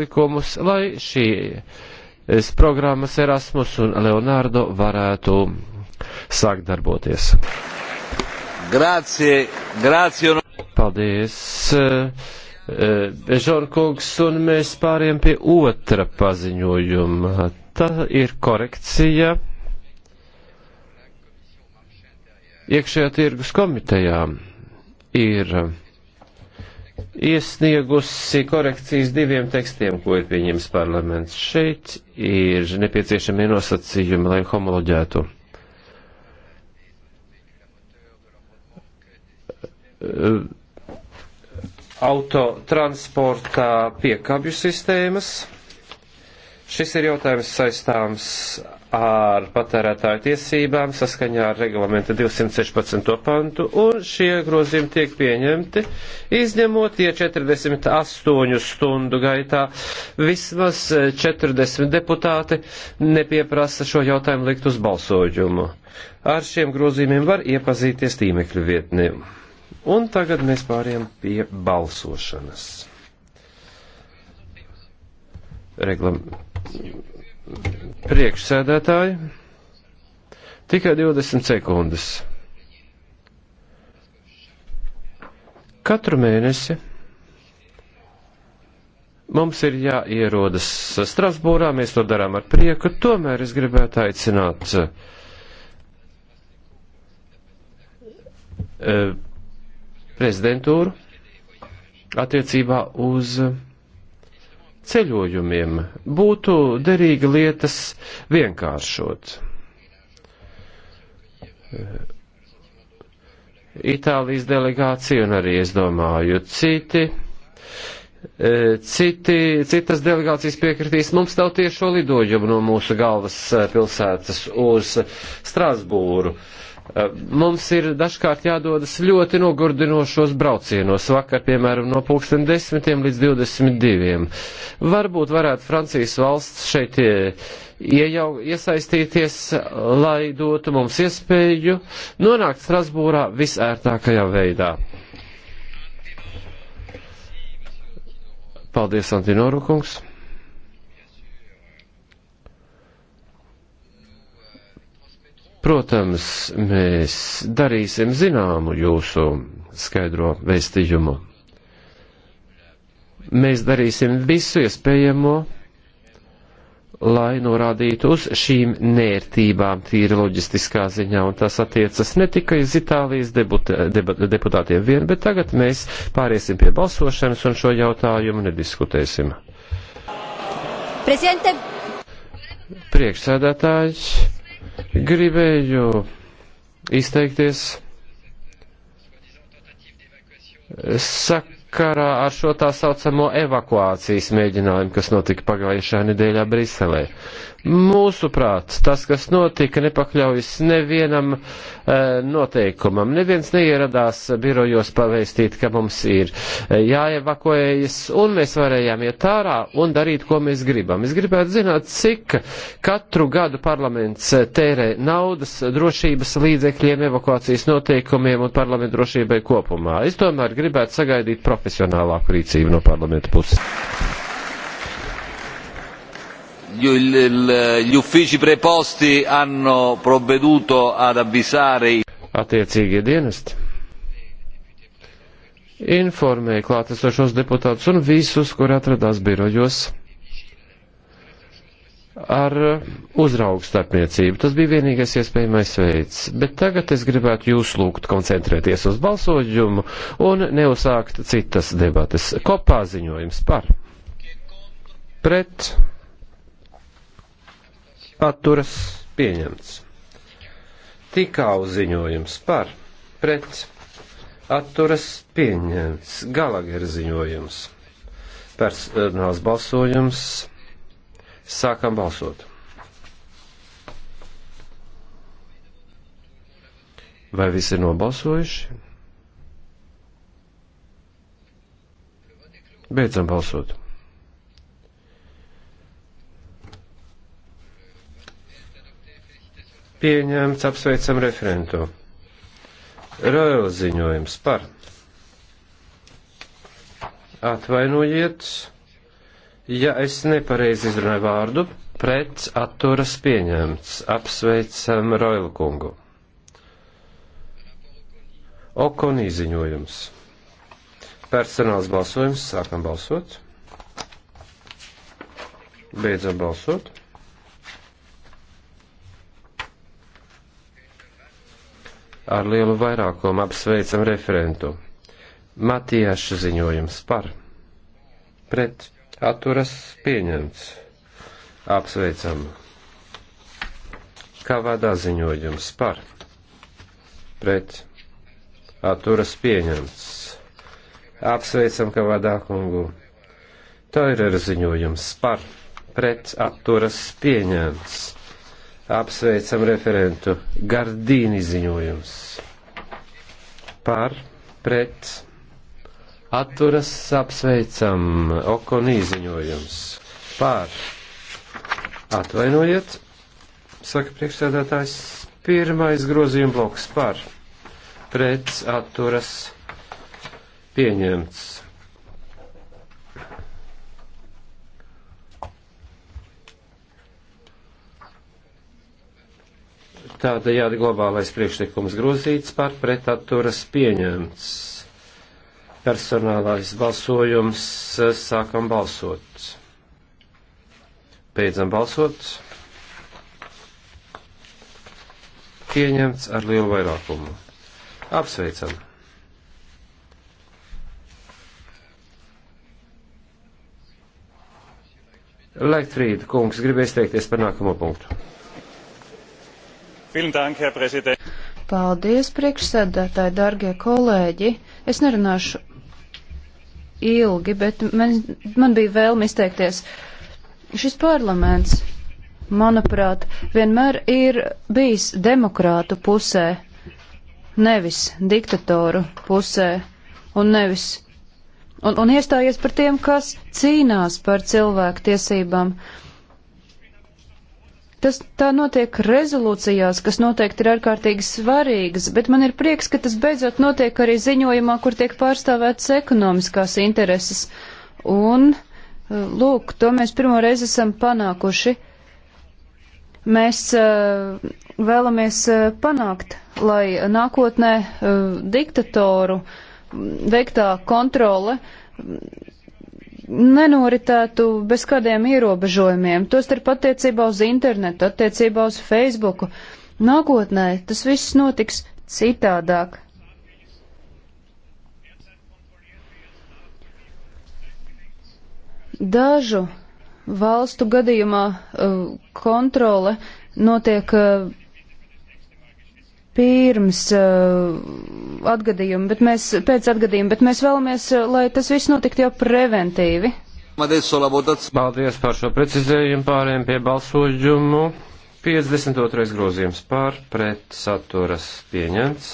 likumus, lai šīs programmas Erasmus un Leonardo varētu sākt darboties. Grācie, grācie. Paldies, eh, eh, Žorkungs, un mēs pāriem pie otra paziņojuma. Tā ir korekcija iekšējā tirgus komitejā. Ir iesniegusi korekcijas diviem tekstiem, ko ir pieņems parlaments. Šeit ir nepieciešami nosacījumi, lai homoloģētu. Autotransportā piekabju sistēmas. Šis ir jautājums saistāms ar patērētāju tiesībām saskaņā ar reglamenta 216. pantu, un šie grozījumi tiek pieņemti, izņemot, ja 48 stundu gaitā vismaz 40 deputāti nepieprasa šo jautājumu likt uz balsojumu. Ar šiem grozījumiem var iepazīties tīmekļu vietnē. Un tagad mēs pāriem pie balsošanas. Reglamenta Priekšsēdētāji, tikai 20 sekundes. Katru mēnesi mums ir jāierodas Strasbūrā, mēs to darām ar prieku, tomēr es gribētu aicināt eh, prezidentūru attiecībā uz ceļojumiem būtu derīga lietas vienkāršot. Itālijas delegācija un arī, es domāju, citi, e, citi, citas delegācijas piekritīs, mums nav tiešo lidojumu no mūsu galvas e, pilsētas uz Strasbūru. Uh, Eh, mums ir dažkārt jādodas ļoti nogurdinošos braucienos, vakar, piemēram, no pulksten desmitiem līdz 22. Varbūt varētu Francijas valsts šeit eh, iejau, iesaistīties, lai dotu mums iespēju nonākt Strasbūrā visērtākajā veidā. Paldies, Antinoru kungs! Protams, mēs darīsim zināmu jūsu skaidro vēstījumu. Mēs darīsim visu iespējamo, lai norādītu uz šīm nērtībām tīri loģistiskā ziņā, un tas attiecas ne tikai uz Itālijas debuta, debat, deputātiem vien, bet tagad mēs pāriesim pie balsošanas un šo jautājumu nediskutēsim. Presidente. Priekšsēdētājs. Gribēju izteikties. Sak sakarā ar šo tā saucamo evakuācijas mēģinājumu, kas notika pagājušā nedēļā Briselē. Mūsuprāt, tas, kas notika, nepakļaujas nevienam e, noteikumam. Neviens neieradās birojos pavēstīt, ka mums ir eh, jāevakuējas, un mēs varējām iet ārā un darīt, ko mēs gribam. Es gribētu zināt, cik katru gadu parlaments eh, tērē naudas drošības līdzekļiem, evakuācijas noteikumiem un parlamentu drošībai kopumā. Es tomēr gribētu sagaidīt protokolus profesionālāku rīcību no parlamenta puses. Gli uffici preposti hanno provveduto ad avvisare i attiecīgie dienesti informēja klātesošos deputātus un visus, kur atradās birojos ar uh, uzraugu starpniecību. Tas bija vienīgais iespējamais veids. Bet tagad es gribētu jūs lūgt koncentrēties uz balsojumu un neuzsākt citas debates. Kopā ziņojums par. Pret. Atturas pieņemts. Tikā uzziņojums par. Pret. Atturas pieņemts. Galagera ziņojums. Personāls balsojums Sākam balsot. Vai visi ir nobalsojuši? Beidzam balsot. Pieņemts, apsveicam referentu. Royal ziņojums par. Atvainojiet ja es nepareizi izrunāju vārdu, pret atturas pieņemts. Apsveicam Roilu kungu. Okonī ziņojums. Personāls balsojums. Sākam balsot. Beidzam balsot. Ar lielu vairākumu apsveicam referentu. Matijaša ziņojums par. Pret atturas pieņemts. Apsveicam. Kā vada ziņojums par pret atturas pieņemts. Apsveicam, ka vadā kungu. Tā ir ar ziņojums par pret atturas pieņemts. Apsveicam referentu Gardīni ziņojums par pret atturas apsveicam Okonī ziņojums pār. Atvainojiet, saka priekšsēdētājs, pirmais grozījuma bloks pār. Pret atturas pieņemts. Tādējādi globālais priekšlikums grozīts par pretaturas pieņemts. Personālais balsojums. Eh, sākam balsot. Beidzam balsot. Pieņemts ar lielu vairākumu. Apsveicam! Leitfrīda kungs grib izteikties par nākamo punktu. Paldies, priekšsēdētāji, dargie kolēģi. Es nerunāšu ilgi, bet man, man bija vēlme izteikties. Šis parlaments, manuprāt, vienmēr ir bijis demokrātu pusē, nevis diktatoru pusē, un nevis un, un iestājies par tiem, kas cīnās par cilvēku tiesībām. Uh, Tas tā notiek rezolūcijās, kas noteikti ir ārkārtīgi svarīgas, bet man ir prieks, ka tas beidzot notiek arī ziņojumā, kur tiek pārstāvētas ekonomiskās intereses. Un, eh, lūk, to mēs pirmo reizi esam panākuši. Mēs uh, vēlamies uh, panākt, lai nākotnē uh, diktatoru mm, veiktā kontrole mm, nenoritētu bez kādiem ierobežojumiem, tostarp attiecībā uz internetu, attiecībā uz Facebooku. Nākotnē tas viss notiks citādāk. Dažu valstu gadījumā uh, kontrole notiek uh, pirms uh, atgadījuma, bet mēs, pēc atgadījuma, bet mēs vēlamies, uh, lai tas viss notiktu jau preventīvi. Paldies par šo precizējumu pārējiem pie balsojumu. 52. grozījums pār pret saturas pieņemts.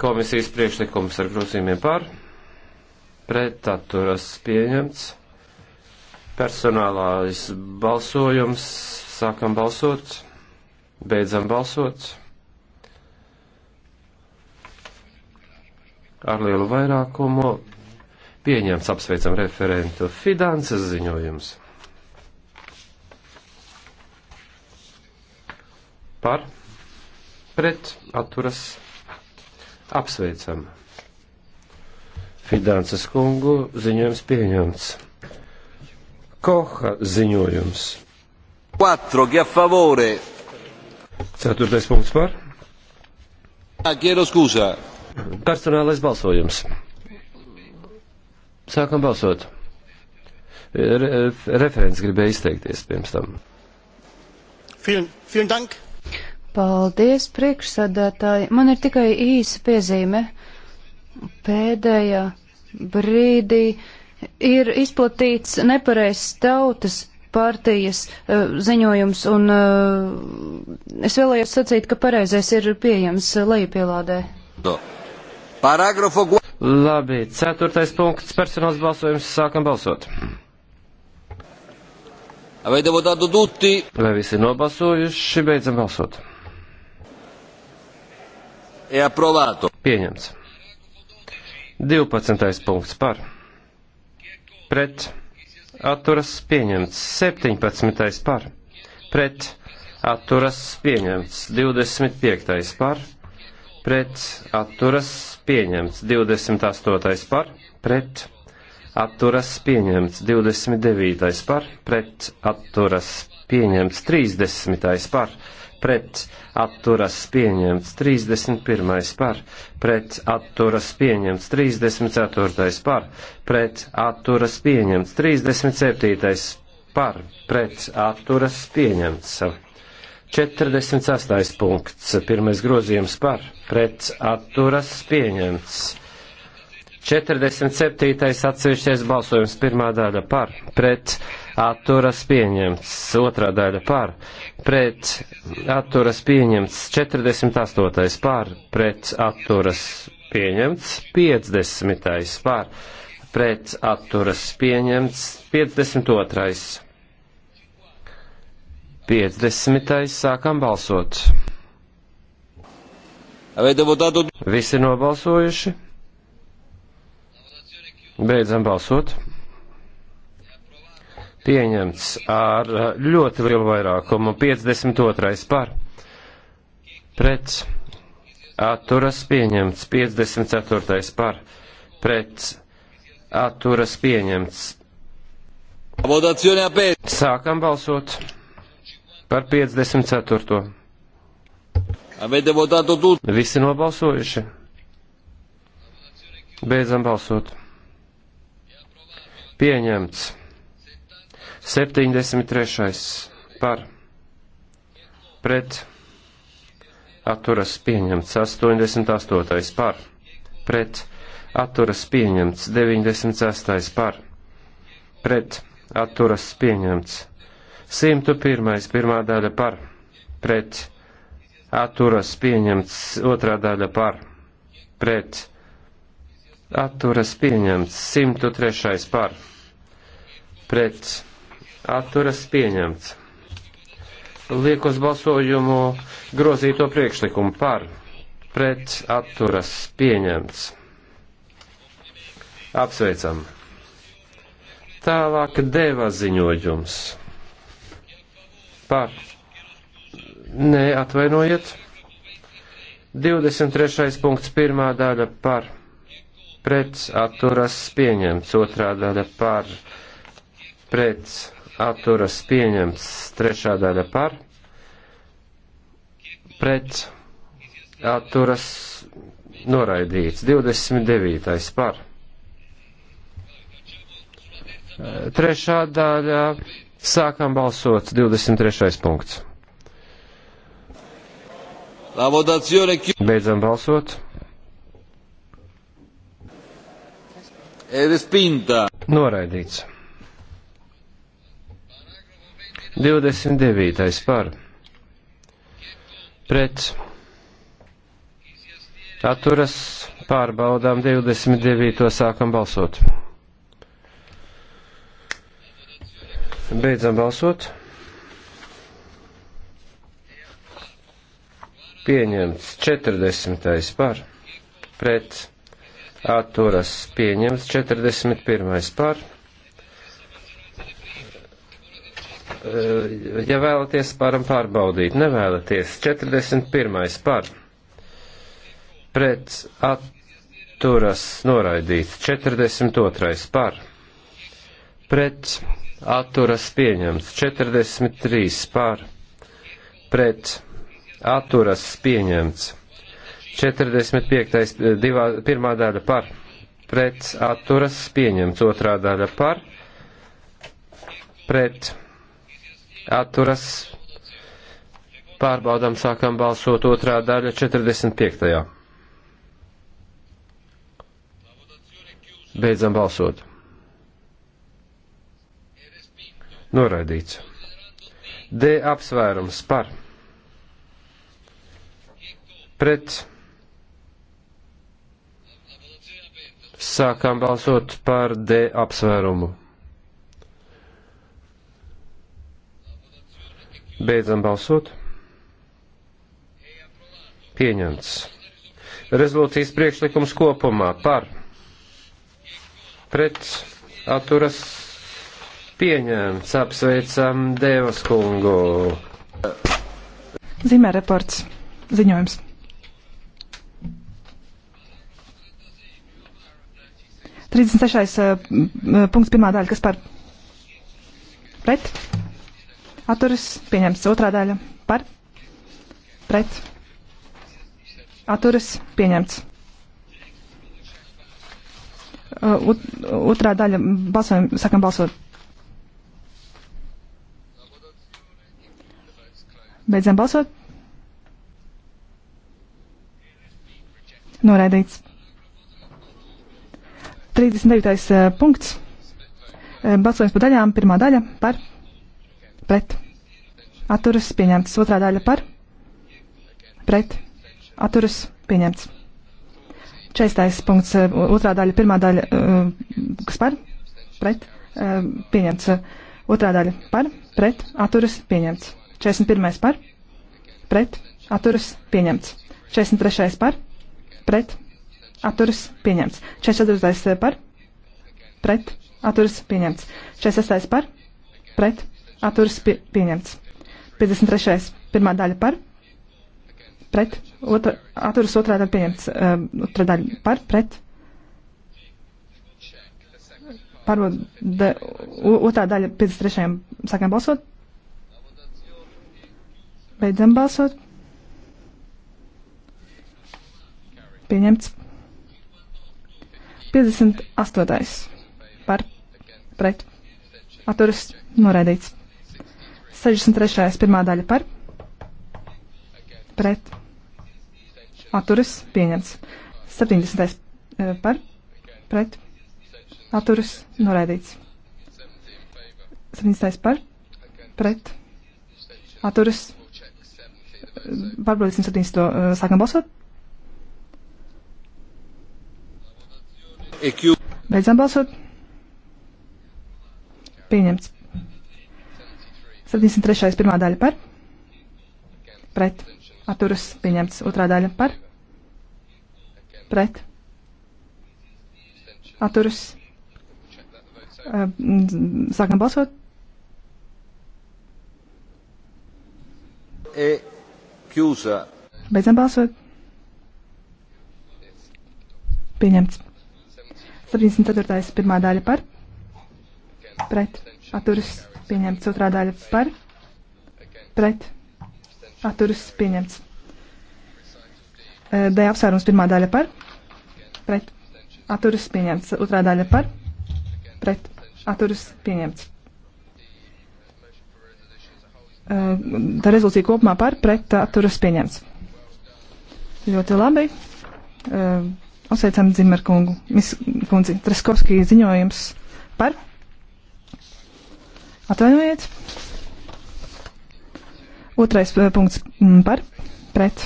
Komisijas priekšlikums ar grozījumiem pār pret saturas pieņemts. Personālais balsojums. Sākam balsot. Beidzam balsot. Ar lielu vairākumu pieņemts apsveicam referentu Fidanses ziņojums. Par, pret, atturas, apsveicam. Fidanses kungu ziņojums pieņemts. Koha ziņojums. 4, a favore, Ceturtais punkts par. Ah, Personālais balsojums. Sākam balsot. Re referents gribēja izteikties pirms tam. Vielen, vielen Dank. Paldies, priekšsādātāji. Man ir tikai īsa piezīme. Pēdējā brīdī ir izplatīts nepareizs tautas partijas eh, ziņojums, un eh, es vēlējos sacīt, ka pareizais ir pieejams eh, lejupielādē. Paragrafu. Labi, ceturtais punkts, personāls balsojums, sākam balsot. Avete votato tutti? Vai visi nobalsojuši, beidzam balsot. E approvato. Pieņemts. 12. punkts par. Pret atturas pieņemts. 17. par pret atturas pieņemts. 25. par pret atturas pieņemts. 28. par pret atturas pieņemts. 29. par pret atturas pieņemts. 30. par pret atturas pieņemts 31. par, pret atturas pieņemts 34. par, pret atturas pieņemts 37. par, pret atturas pieņemts 48. punkts, pirmais grozījums par, pret atturas pieņemts 47. atsevišķais balsojums pirmā daļa par, pret atturas pieņemts atturas pieņemts, otrā daļa par, pret atturas pieņemts, 48. par, pret atturas pieņemts, 50. par, pret atturas pieņemts, 52. 50. sākam balsot. Visi nobalsojuši? Beidzam balsot pieņemts ar eh, ļoti lielu vairākumu 52. par pret atturas pieņemts 54. par pret atturas pieņemts. Sākam balsot par 54. Visi nobalsojuši. Beidzam balsot. Pieņemts. 73. par pret atturas pieņemts 88. par pret atturas pieņemts 96. par pret atturas pieņemts 101. pirmā daļa par pret atturas pieņemts otrā daļa par pret atturas pieņemts 103. par pret atturas pieņemts. Liek uz balsojumu grozīto priekšlikumu par, pret atturas pieņemts. Apsveicam. Tālāk deva ziņojums. Par. Nē, atvainojiet. 23. punkts, pirmā daļa par pret atturas pieņemts, otrā daļa par pret atturas pieņemts trešā daļa par, pret atturas noraidīts 29. par. Trešā daļa sākam balsot 23. punkts. Beidzam balsot. Noraidīts. 29. par pret atturas pārbaudām 29. sākam balsot. Beidzam balsot. Pieņemts 40. par pret atturas pieņemts 41. par pret Eh, ja vēlaties, varam pārbaudīt. Nevēlaties. 41. par. Pret atturas noraidīts. 42. par. Pret atturas pieņemts. 43. par. Pret atturas pieņemts. 45. Eh, divā, pirmā daļa par. Pret atturas pieņemts. Otrā daļa par. Pret atturas pārbaudām sākam balsot otrā daļa 45. Beidzam balsot. Noraidīts. D apsvērums par. Pret. Sākām balsot par D apsvērumu. Beidzam balsot. Pieņemts. Rezolūcijas priekšlikums kopumā par pret atturas pieņemts. Apsveicam Devas kungu. Zīmē reports. Ziņojums. Trīsdesmit sešais eh, punkts pirmā daļa, kas par pret Atturas pieņemts. Otrā daļa par. Pret. Atturas pieņemts. Uh, ut, otrā daļa balsojam, sakam balsot. Beidzam balsot. Noraidīts. 39. Uh, punkts. Uh, balsojums par daļām. Pirmā daļa par pret atturas pieņemts. Otrā daļa par, pret, atturas pieņemts. Čeistais punkts, eh, otrā daļa, pirmā daļa, eh, kas par, pret, eh, pieņemts. Otrā daļa par, pret, atturas pieņemts. 41. par, pret, atturas pieņemts. 43. par, pret, atturas pieņemts. 44. par, pret, atturas pieņemts. 46. par, pret, atturas pie, pieņemts. 53. pirmā daļa par, pret, otra, atturas otrā daļa pieņemts, uh, otrā daļa par, pret, paroda, otrā daļa 53. sākam balsot, beidzam balsot, pieņemts. 58. par, pret, atturas noraidīts. 63. pirmā daļa par pret atturas pieņemts. 70. Eh, par pret atturas noraidīts. 70. par pret atturas pārbaudīsim 70. Eh, sākam balsot. E Beidzam balsot. Pieņemts. 73. pirmā daļa par. Pret. Atturas pieņemts. Otrā daļa par. Pret. Atturas. Sākam balsot. E chiusa. Beidzam balsot. Pieņemts. 74. pirmā daļa par. Pret. Atturas pieņemts. Otrā daļa par, pret, atturas pieņemts. Eh, D apsvērums pirmā daļa par, pret, atturas pieņemts. Otrā daļa par, pret, atturas pieņemts. Eh, tā rezolūcija kopumā par, pret, atturas pieņemts. Ļoti labi. Osveicam eh, Zimmerkungu, Miss Kundzi, Traskovskija ziņojums par Atvainojiet. Otrais eh, punkts mm, par, pret,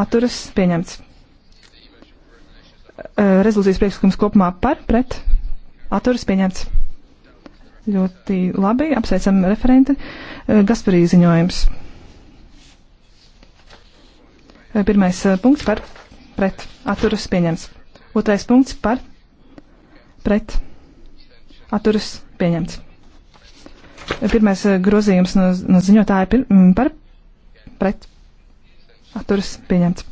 atturas, pieņemts. Eh, rezolūcijas priekšlikums kopumā par, pret, atturas, pieņemts. Ļoti labi, apsveicam referenti. Eh, Gasparī ziņojums. Pirmais punkts par, pret, atturas, pieņemts. Otrais punkts par, pret, atturas, pieņemts. Pirmais eh, grozījums no, no ziņotāja pir, mm, par pret atturas pieņemts.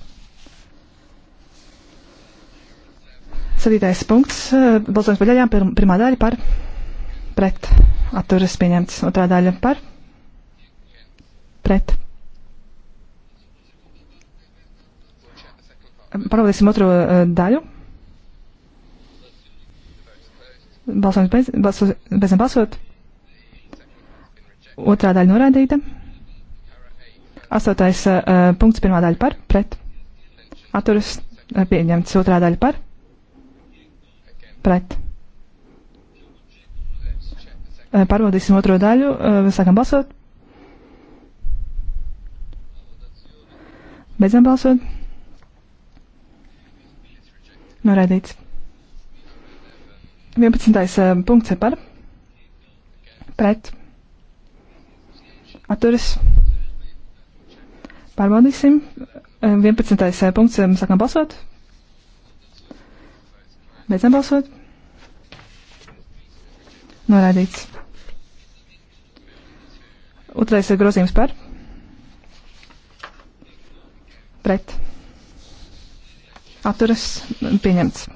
Sadītais punkts. Eh, balsojums par daļām. Pirm, pirmā daļa par pret atturas pieņemts. Otrā daļa par pret. Parādīsim otro uh, daļu. Balsojums bez, balso, bez balsot. Otrā daļa noraidīta. Astotais uh, punkts, pirmā daļa par, pret. Atturas uh, pieņemts. Otrā daļa par, pret. Uh, Pārbaudīsim otro daļu. Uh, sākam balsot. Beidzam balsot. Noraidīts. 11. punkts ir par. Pret atturas. Pārbaudīsim. 11. Eh, punkts. Sākam balsot. Beidzam balsot. Noraidīts. Otrais ir eh, grozījums par. Pret. Atturas pieņemts.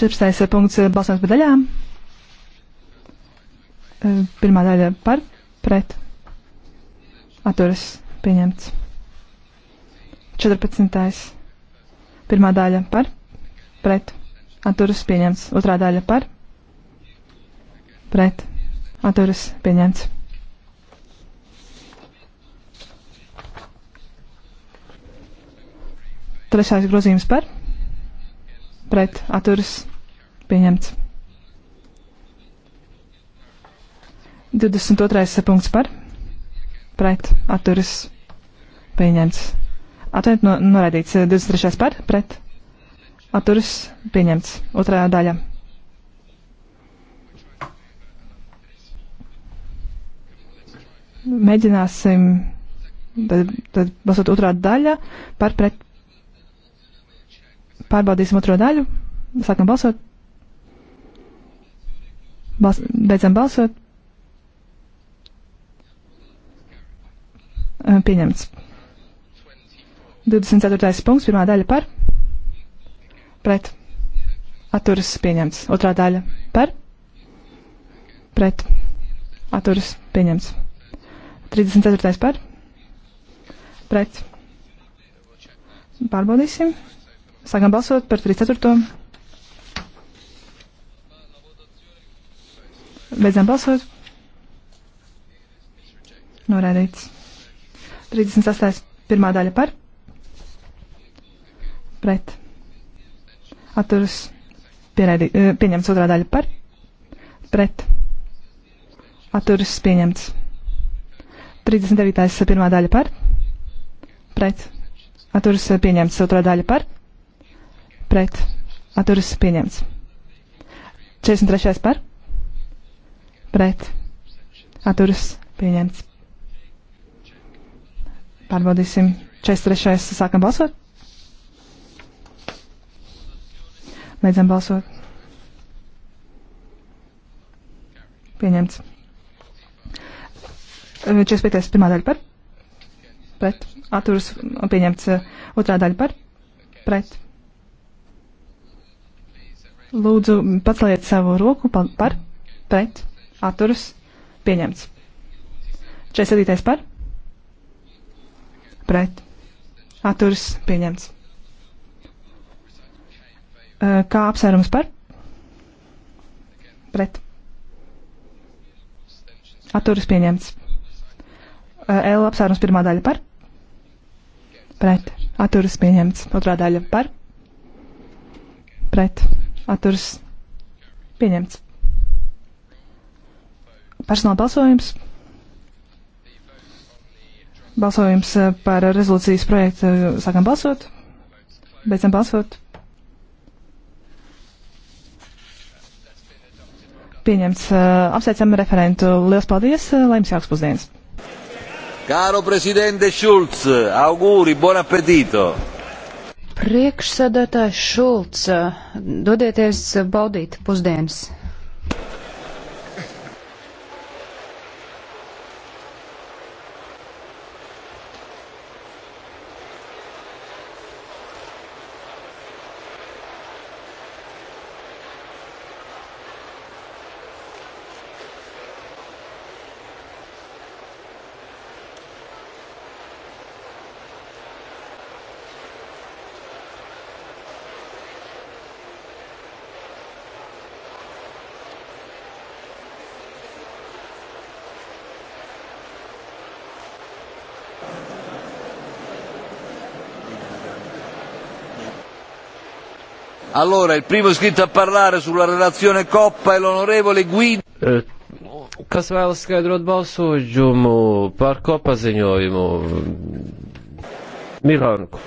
14. punkts eh, balsojums par daļām. Eh, pirmā daļa par, pret, atturas pieņemts. 14. Pirmā daļa par, pret, atturas pieņemts. Otrā daļa par, pret, atturas pieņemts. Trešais grozījums par, pret, atturas Pieņemts. 22. punkts par. Pret. Atturas. Pieņemts. Atvainojiet, no, noraidīts. 23. par. Pret. Atturas. Pieņemts. Otrā daļa. Mēģināsim. Tad, tad balsot otrā daļa par pret. Pārbaudīsim otro daļu. Sākam balsot. Bals beidzam balsot. Pieņemts. 24. punkts, pirmā daļa par. Pret. Atturas pieņemts. Otrā daļa par. Pret. Atturas pieņemts. 34. par. Pret. Pārbaudīsim. Sākam balsot par 34. Beidzam balsot. Norādīts. 38. pirmā daļa par. Pret. Atturas. Pierēdī, eh, pieņemts otrā daļa par. Pret. Atturas pieņemts. 39. pirmā daļa par. Pret. Atturas pieņemts otrā daļa par. Pret. Atturas pieņemts. 43. par pret atturas pieņemts. Pārbaudīsim 43. sākam balsot. Beidzam balsot. Pieņemts. 45. pirmā daļa par. Pret. Atturas pieņemts otrā daļa par. Pret. Lūdzu, paceliet savu roku par. Pret atturas pieņemts. 47. par pret atturas pieņemts. Kā apsvērums par pret atturas pieņemts. L apsvērums pirmā daļa par pret atturas pieņemts. Otrā daļa par pret atturas pieņemts. Personāla balsojums. Balsojums eh, par rezolūcijas projektu. Eh, sākam balsot. Beidzam balsot. Pieņemts. Eh, apsveicam referentu. Lielas paldies. Lai jums jauks pusdienas. Caro Presidente Schulz, auguri, buon appetito! Priekšsēdētājs Šulc, dodieties baudīt pusdienas! Allora, il primo iscritto a parlare sulla relazione Coppa è l'onorevole Guido. Eh, kas vēlas skaidrot balsojumu par kopaziņojumu? Miranku.